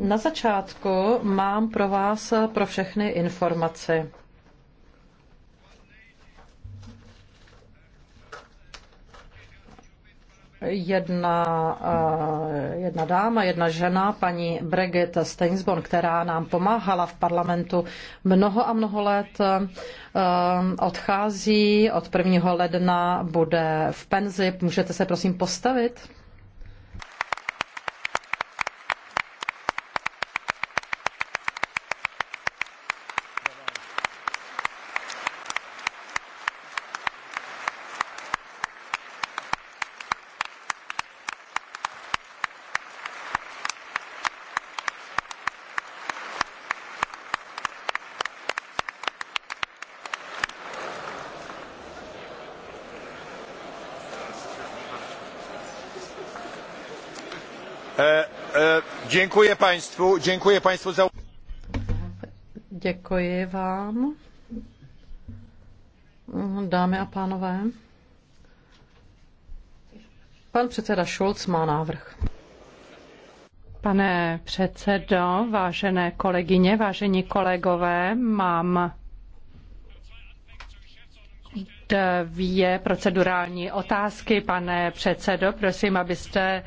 Na začátku mám pro vás pro všechny informaci. jedna, eh, jedna dáma, jedna žena, paní Brigitte Steinsborn, která nám pomáhala v parlamentu mnoho a mnoho let, eh, odchází od 1. ledna, bude v penzi. Můžete se prosím postavit? Děkuji państwu, děkuji państwu za... Děkuji vám, dámy a pánové. Pan předseda Schulz má návrh. Pane předsedo, vážené kolegyně, vážení kolegové, mám dvě procedurální otázky. Pane předsedo, prosím, abyste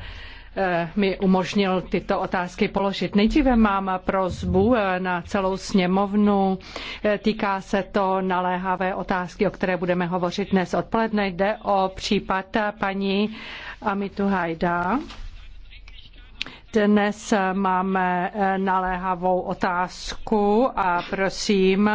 Eh, mi umožnil tyto otázky položit. Nejdříve mám prozbu eh, na celou sněmovnu. Eh, týká se to naléhavé otázky, o které budeme hovořit dnes odpoledne. Jde o případ paní Amitu Hajda. Dnes máme naléhavou otázku a prosím,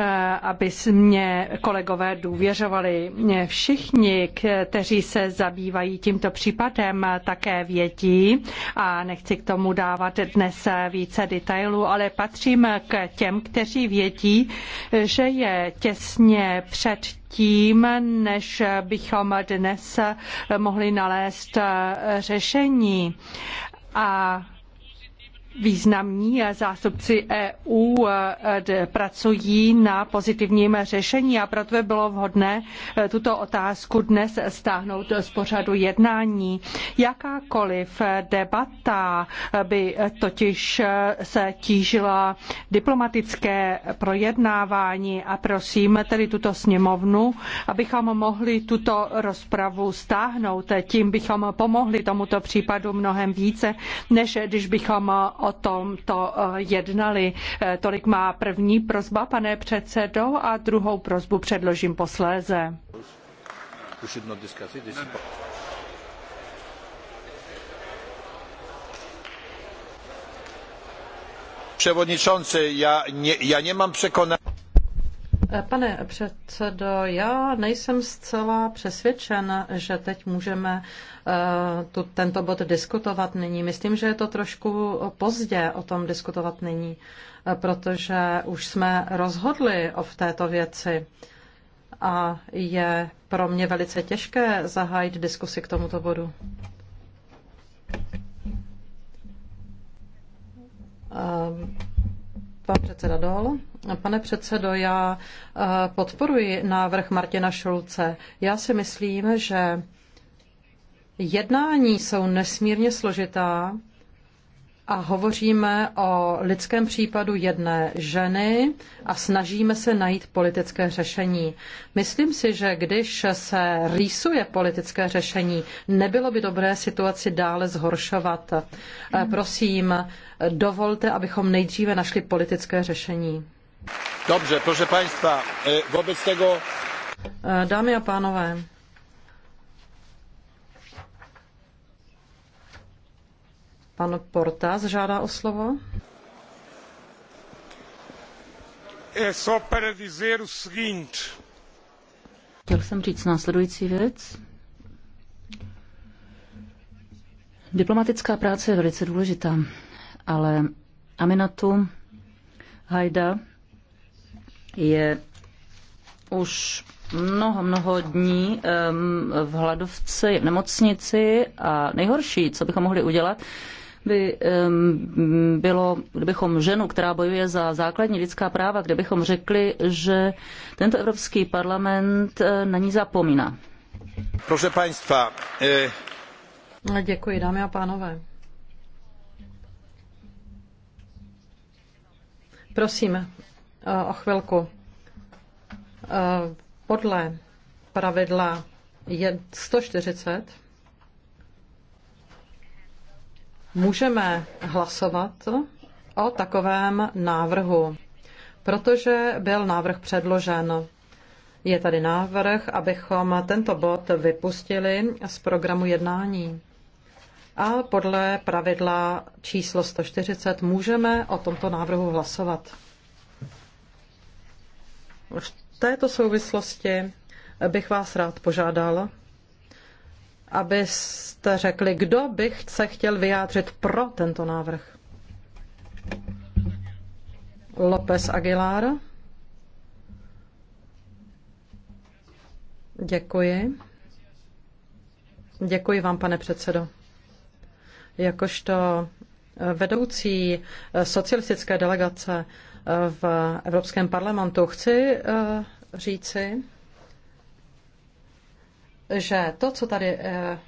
Eh, aby mě kolegové důvěřovali. Všichni, kteří se zabývají tímto případem, také vědí a nechci k tomu dávat dnes více detailů, ale patřím k těm, kteří vědí, že je těsně před tím, než bychom dnes mohli nalézt řešení. A významní zástupci EU eh, pracují na pozitivním řešení a proto by bylo vhodné eh, tuto otázku dnes stáhnout z pořadu jednání. Jakákoliv debata by totiž eh, se tížila diplomatické projednávání a prosím tedy tuto sněmovnu, abychom mohli tuto rozpravu stáhnout. Tím bychom pomohli tomuto případu mnohem více, než když bychom o o tomto eh, jednali. Eh, tolik má první prozba, pane předsedo, a druhou prozbu předložím posléze. Przewodniczący, já já nemám překonat. Pane předsedo, já nejsem zcela přesvědčen, že teď můžeme eh, tu, tento bod diskutovat nyní. Myslím, že je to trošku pozdě o tom diskutovat nyní, eh, protože už jsme rozhodli o v této věci a je pro mě velice těžké zahájit diskusi k tomuto bodu. Um, Pan předseda Dol. Pane předsedo, já eh, podporuji návrh Martina Šulce. Já si myslím, že jednání jsou nesmírně složitá a hovoříme o lidském případu jedné ženy a snažíme se najít politické řešení. Myslím si, že když se rýsuje politické řešení, nebylo by dobré situaci dále zhoršovat. Eh, prosím, dovolte, abychom nejdříve našli politické řešení. Dobře, proszę Państwa, eh, wobec tego... Eh, dámy a pánové, Pan Porta žádá o slovo. É só para dizer o seguinte. Chtěl jsem říct následující věc. Diplomatická práce je velice důležitá, ale Aminatu Hajda je už mnoho, mnoho dní v hladovce, v nemocnici a nejhorší, co bychom mohli udělat, by bylo, kdybychom ženu, která bojuje za základní lidská práva, kdybychom řekli, že tento Evropský parlament e, na ní zapomíná. Proszę Państwa. E... Děkuji, dámy a pánové. Prosím, e, o chvilku. E, podle pravidla je 140 můžeme hlasovat o takovém návrhu, protože byl návrh předložen. Je tady návrh, abychom tento bod vypustili z programu jednání. A podle pravidla číslo 140 můžeme o tomto návrhu hlasovat. V této souvislosti bych vás rád požádal, abyste řekli, kdo by se chtěl vyjádřit pro tento návrh. López Aguilar. Děkuji. Děkuji vám, pane předsedo. Jakožto vedoucí socialistické delegace v Evropském parlamentu chci eh, říci, že to, co tady eh,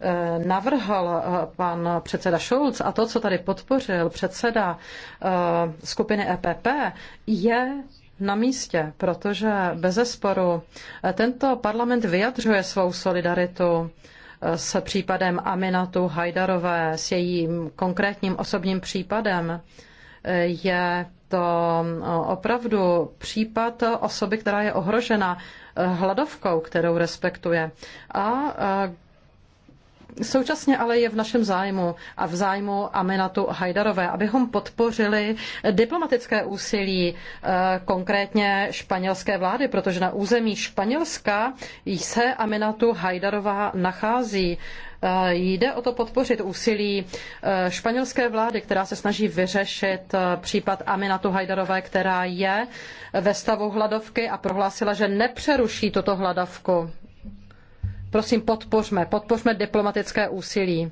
eh, navrhl eh, pan předseda Schulz a to, co tady podpořil předseda skupiny EPP, je na místě, protože bez zesporu tento parlament vyjadřuje svou solidaritu s případem Aminatu Hajdarové, s jejím konkrétním osobním případem je to opravdu případ osoby, která je ohrožena e, hladovkou, kterou respektuje. A e, Současně ale je v našem zájmu a v zájmu Aminatu Hajdarové, abychom podpořili diplomatické úsilí e, konkrétně španělské vlády, protože na území Španělska se Aminatu Hajdarová nachází Eh, jde o to podpořit úsilí eh, španělské vlády, která se snaží vyřešit eh, případ Aminatu Hajdarové, která je ve stavu hladovky a prohlásila, že nepřeruší tuto hladovku. Prosím, podpořme, podpořme diplomatické úsilí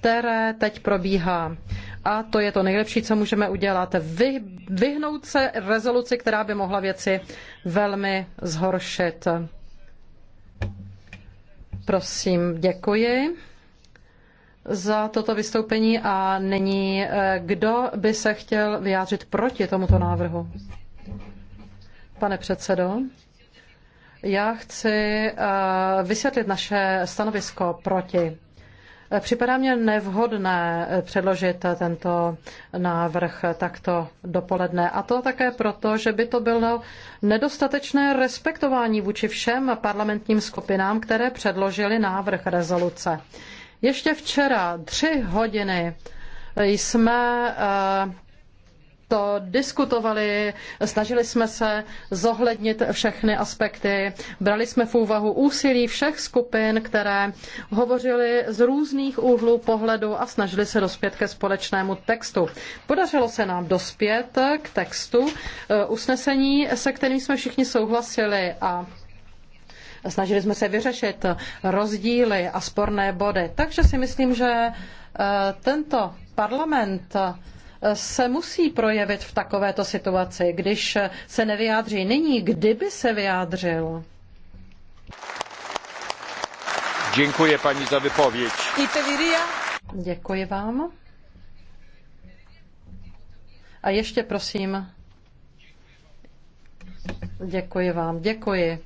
které teď probíhá. A to je to nejlepší, co můžeme udělat. Vy, vyhnout se rezoluci, která by mohla věci velmi zhoršit. Prosím, děkuji za toto vystoupení a není, eh, kdo by se chtěl vyjádřit proti tomuto návrhu. Pane předsedo, já chci eh, vysvětlit naše stanovisko proti. Eh, připadá mě nevhodné eh, předložit eh, tento návrh takto dopoledne. A to také proto, že by to bylo nedostatečné respektování vůči všem parlamentním skupinám, které předložily návrh rezoluce. Ještě včera tři hodiny jsme to diskutovali, snažili jsme se zohlednit všechny aspekty, brali jsme v úvahu úsilí všech skupin, které hovořily z různých úhlů pohledu a snažili se dospět ke společnému textu. Podařilo se nám dospět k textu eh, usnesení, se kterým jsme všichni souhlasili a snažili jsme se vyřešit rozdíly a sporné body. Takže si myslím, že eh, tento parlament se musí projevit v takovéto situaci, když se nevyjádří nyní, kdyby se vyjádřil. Děkuji paní za vypověď. Děkuji vám. A ještě prosím. Děkuji vám, děkuji.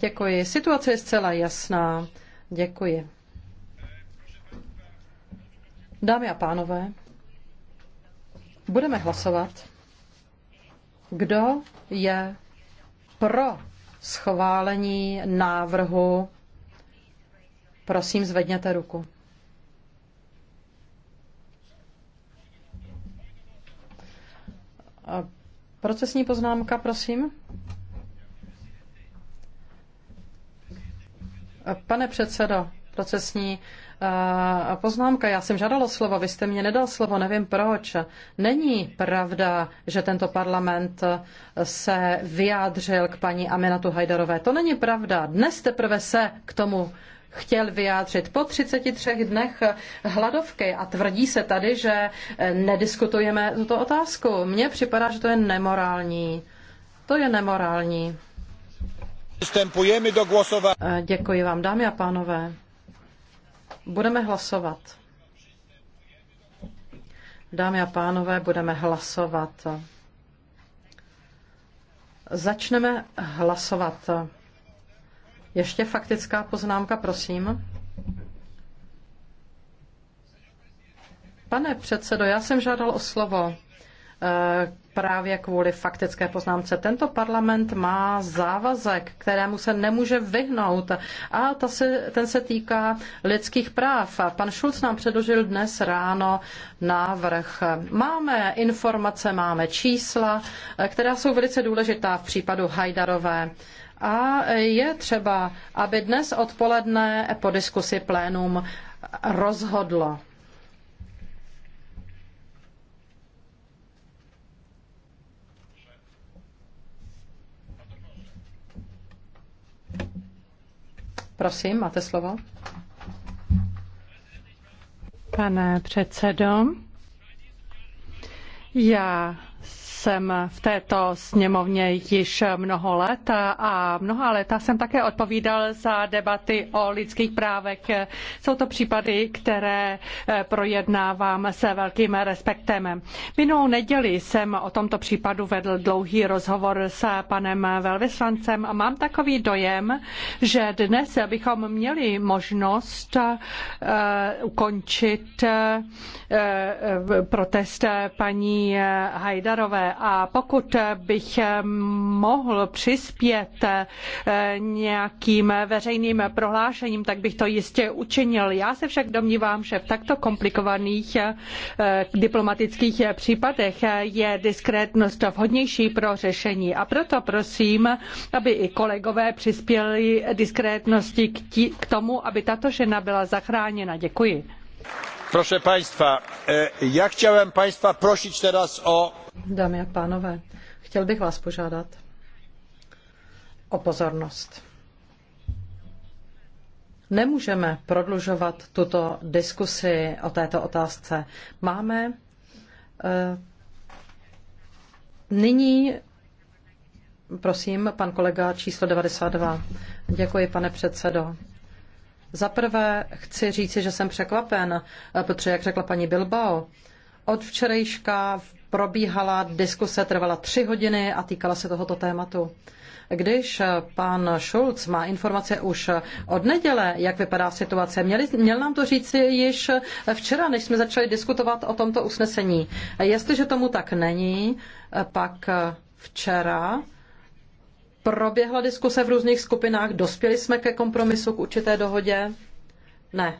Děkuji. Situace je zcela jasná. Děkuji. Dámy a pánové, Budeme hlasovat. Kdo je pro schválení návrhu? Prosím, zvedněte ruku. Procesní poznámka, prosím. Pane předsedo, procesní Eh, poznámka. Já jsem žádala slovo, vy jste mě nedal slovo, nevím proč. Není pravda, že tento parlament eh, se vyjádřil k paní Aminatu Hajdarové. To není pravda. Dnes teprve se k tomu chtěl vyjádřit po 33 dnech eh, hladovky a tvrdí se tady, že nediskutujeme tuto otázku. Mně připadá, že to je nemorální. To je nemorální. do Děkuji vám, dámy a pánové. Budeme hlasovat. Dámy a pánové, budeme hlasovat. Začneme hlasovat. Ještě faktická poznámka, prosím. Pane předsedo, já jsem žádal o slovo. Eh, právě kvůli faktické poznámce. Tento parlament má závazek, kterému se nemůže vyhnout a ta se, ten se týká lidských práv. Pan Schulz nám předložil dnes ráno návrh. Máme informace, máme čísla, eh, která jsou velice důležitá v případu Hajdarové. A je třeba, aby dnes odpoledne po diskusi plénum rozhodlo. Prosím, máte slovo. Pane předsedo, já jsem v této sněmovně již mnoho let a mnoha léta jsem také odpovídal za debaty o lidských právech. Jsou to případy, které eh, projednávám se velkým respektem. Minulou neděli jsem o tomto případu vedl dlouhý rozhovor s panem velvyslancem a mám takový dojem, že dnes bychom měli možnost eh, ukončit eh, protest paní Hajdarové a pokud bych mohl přispět eh, nějakým veřejným prohlášením, tak bych to jistě učinil. Já se však domnívám, že v takto komplikovaných eh, diplomatických případech je diskrétnost vhodnější pro řešení. A proto prosím, aby i kolegové přispěli diskrétnosti k, tomu, aby tato žena byla zachráněna. Děkuji. Proszę Państwa, e, ja chciałem Państwa prosić teraz o Dámy a pánové, chtěl bych vás požádat o pozornost. Nemůžeme prodlužovat tuto diskusi o této otázce. Máme eh, nyní, prosím, pan kolega číslo 92. Děkuji, pane předsedo. Za prvé chci říci, že jsem překvapen, eh, protože, jak řekla paní Bilbao, od včerejška probíhala diskuse, trvala tři hodiny a týkala se tohoto tématu. Když pan Schulz má informace už od neděle, jak vypadá situace, měli, měl nám to říci již včera, než jsme začali diskutovat o tomto usnesení. Jestliže tomu tak není, pak včera proběhla diskuse v různých skupinách, dospěli jsme ke kompromisu, k určité dohodě? Ne.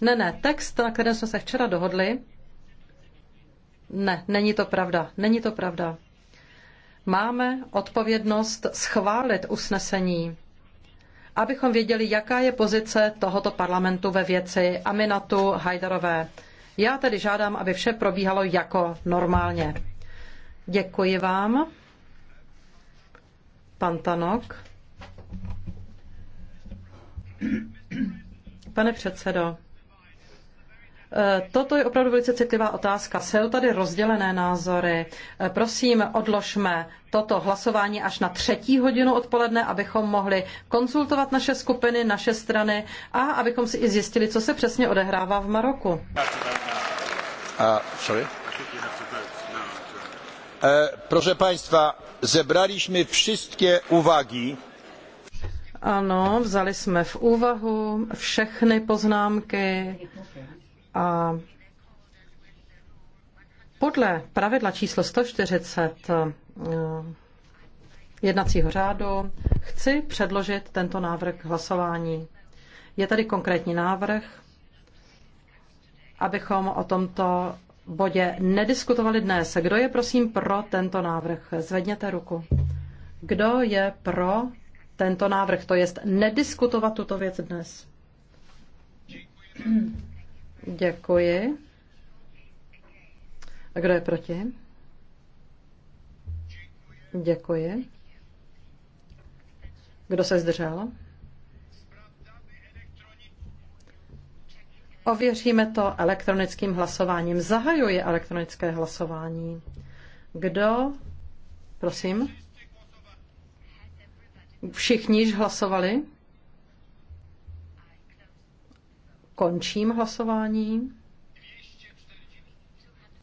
Ne, ne, text, na kterém jsme se včera dohodli, ne, není to pravda. Není to pravda. Máme odpovědnost schválit usnesení, abychom věděli, jaká je pozice tohoto parlamentu ve věci Aminatu Hajdarové. Já tedy žádám, aby vše probíhalo jako normálně. Děkuji vám. Pan Tanok. Pane předsedo, Eh, toto je opravdu velice citlivá otázka. Jsou tady rozdělené názory. Eh, prosím, odložme toto hlasování až na třetí hodinu odpoledne, abychom mohli konzultovat naše skupiny, naše strany a abychom si i zjistili, co se přesně odehrává v Maroku. Uh, sorry. Uh, proszę Państwa, zebraliśmy wszystkie uwagi. Ano, vzali jsme v úvahu všechny poznámky a podle pravidla číslo 140 eh, jednacího řádu chci předložit tento návrh k hlasování. Je tady konkrétní návrh, abychom o tomto bodě nediskutovali dnes. Kdo je prosím pro tento návrh? Zvedněte ruku. Kdo je pro tento návrh, to jest nediskutovat tuto věc dnes? Děkuji. A kdo je proti? Děkuji. Kdo se zdržel? Ověříme to elektronickým hlasováním. Zahajuji elektronické hlasování. Kdo? Prosím. Všichni již hlasovali? Končím hlasování.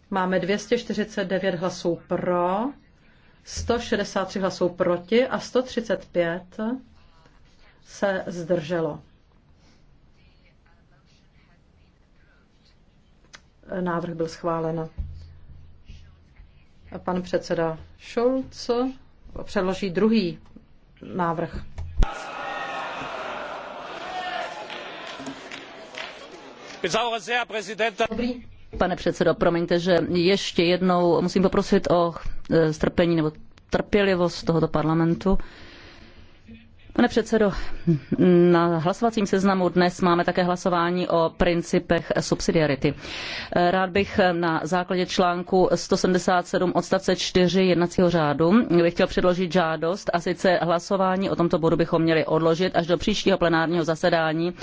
Máme 249 hlasů pro, 163 hlasů proti a 135 se zdrželo. Návrh byl schválen. Pan předseda Schulz předloží druhý návrh. Pane předsedo, promiňte, že ještě jednou musím poprosit o e, strpení nebo trpělivost tohoto parlamentu. Pane předsedo, na hlasovacím seznamu dnes máme také hlasování o principech subsidiarity. Rád bych na základě článku 177 odstavce 4 jednacího řádu bych chtěl předložit žádost a sice hlasování o tomto bodu bychom měli odložit až do příštího plenárního zasedání um,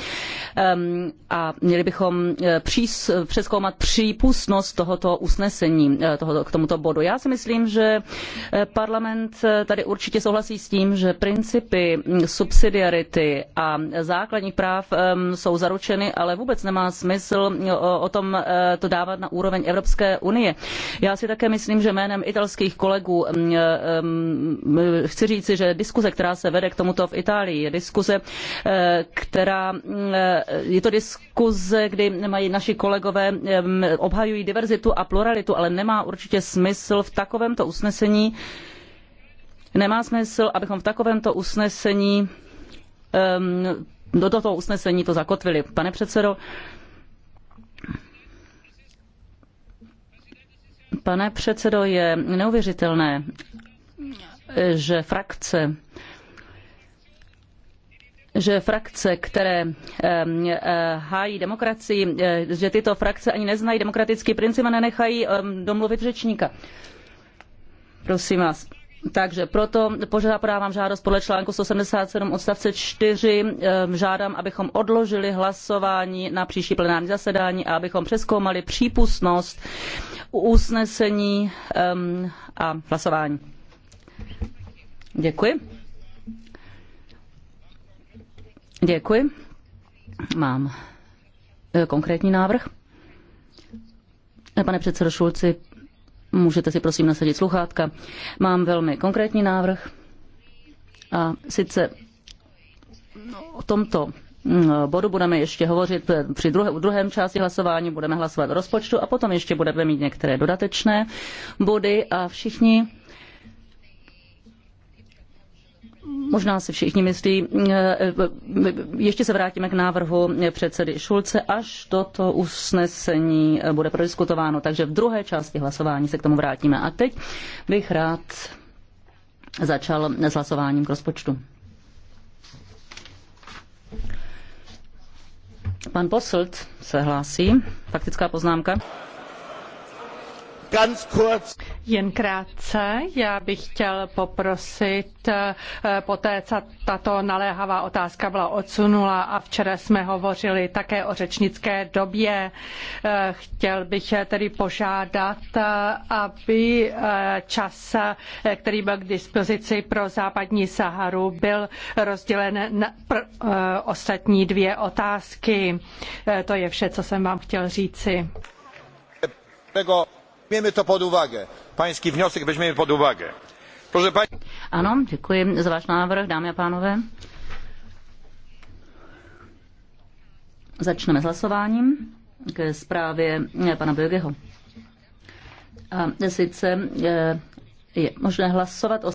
a měli bychom eh, přís, přeskoumat přípustnost tohoto usnesení eh, tohoto, k tomuto bodu. Já si myslím, že eh, parlament tady určitě souhlasí s tím, že principy mm, Mm, subsidiarity a základních práv mm, jsou zaručeny, ale vůbec nemá smysl mm, o tom e, to dávat na úroveň Evropské unie. Já si také myslím, že jménem italských kolegů e, chci říci, že diskuze, která se vede k tomuto v Itálii, je diskuze, e, která je to diskuze, kdy mají naši kolegové obhajují diverzitu a pluralitu, ale nemá určitě smysl v takovémto usnesení Nemá smysl, abychom v takovémto usnesení do toho usnesení to zakotvili. Pane předsedo, pane předsedo, je neuvěřitelné, že frakce že frakce, které eh, hájí demokracii, eh, že tyto frakce ani neznají demokratický princip a nenechají domluvit řečníka. Prosím vás. Takže proto podávám žádost podle článku 177 odstavce 4. Ehm, žádám, abychom odložili hlasování na příští plenární zasedání a abychom přeskoumali přípustnost usnesení ehm, a hlasování. Děkuji. Děkuji. Mám eh, konkrétní návrh. Pane předsedo Šulci, Můžete si prosím nasadit sluchátka. Mám velmi konkrétní návrh a sice o tomto mm, bodu budeme ještě hovořit při druhé, druhém části hlasování, budeme hlasovat o rozpočtu a potom ještě budeme mít některé dodatečné body a všichni možná si všichni myslí, eh, eh, ještě se vrátíme k návrhu předsedy Šulce, až toto usnesení eh, bude prodiskutováno. Takže v druhé části hlasování se k tomu vrátíme. A teď bych rád začal s hlasováním k rozpočtu. Pan Poslt se hlásí. Faktická poznámka. Jen krátce, já bych chtěl poprosit, eh, poté co tato naléhavá otázka byla odsunula a včera jsme hovořili také o řečnické době, eh, chtěl bych tedy požádat, eh, aby čas, který byl k dispozici pro západní Saharu, byl rozdělen na ostatní dvě otázky. To je vše, co jsem vám chtěl říci. Mějme to pod uwagę. Pański wniosek weźmiemy pod uwagę. Proszę paní... Ano, za návrh, dámy a pánové. Začneme s hlasováním ke zprávě eh, pana Bögeho. A sice je, eh, je možné hlasovat o